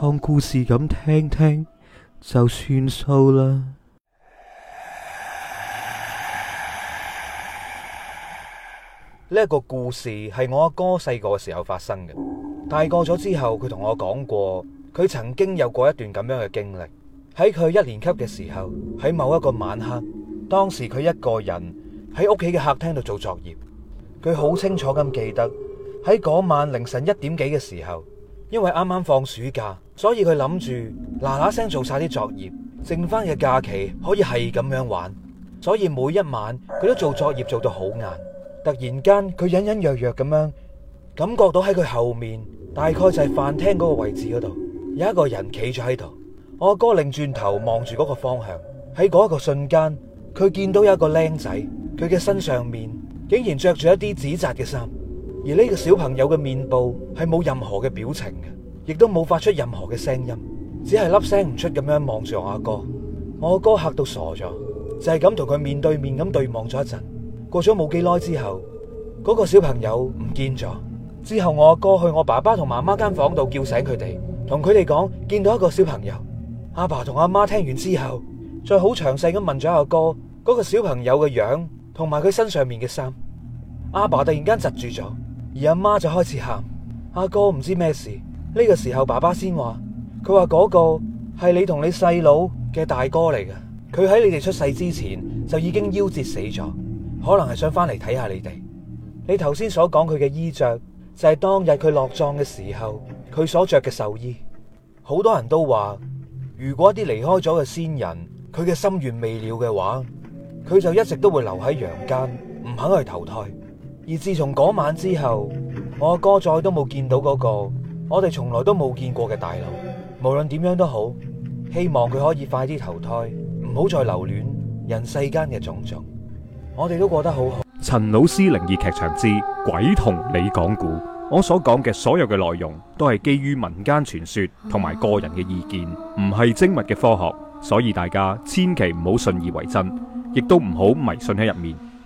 當故事咁聽聽就算數啦。呢個故事係我阿哥細個嘅時候發生嘅，大個咗之後佢同我講過，佢曾經有過一段咁樣嘅經歷。喺佢一年級嘅時候，喺某一個晚黑，當時佢一個人喺屋企嘅客廳度做作業，佢好清楚咁記得喺嗰晚凌晨一點幾嘅時候。因為啱啱放暑假，所以佢諗住嗱嗱聲做晒啲作業，剩翻嘅假期可以係咁樣玩。所以每一晚佢都做作業做到好晏。突然間佢隱隱約約咁樣感覺到喺佢後面，大概就係飯廳嗰個位置嗰度，有一個人企咗喺度。我哥擰轉，轉頭望住嗰個方向，喺嗰一個瞬間，佢見到有一個靚仔，佢嘅身上面竟然着住一啲紙紮嘅衫。而呢個小朋友嘅面部係冇任何嘅表情嘅，亦都冇發出任何嘅聲音，只係粒聲唔出咁樣望住我阿哥。我阿哥吓到傻咗，就係咁同佢面對面咁對望咗一陣。過咗冇幾耐之後，嗰個小朋友唔見咗。之後我阿哥去我爸爸同媽媽間房度叫醒佢哋，同佢哋講見到一個小朋友。阿爸同阿媽聽完之後，再好詳細咁問咗阿哥嗰個小朋友嘅樣同埋佢身上面嘅衫。阿爸突然間窒住咗。而阿媽就開始喊，阿哥唔知咩事。呢個時候，爸爸先話，佢話嗰個係你同你細佬嘅大哥嚟嘅。佢喺你哋出世之前就已經夭折死咗，可能係想翻嚟睇下你哋。你頭先所講佢嘅衣着就係當日佢落葬嘅時候佢所着嘅壽衣。好多人都話，如果啲離開咗嘅先人佢嘅心願未了嘅話，佢就一直都會留喺陽間，唔肯去投胎。而自從嗰晚之後，我阿哥再都冇見到嗰個我哋從來都冇見過嘅大佬。無論點樣都好，希望佢可以快啲投胎，唔好再留戀人世間嘅種種。我哋都過得好好。陳老師靈異劇場之「鬼同你講故」，我所講嘅所有嘅內容都係基於民間傳說同埋個人嘅意見，唔係精密嘅科學，所以大家千祈唔好信以為真，亦都唔好迷信喺入面。.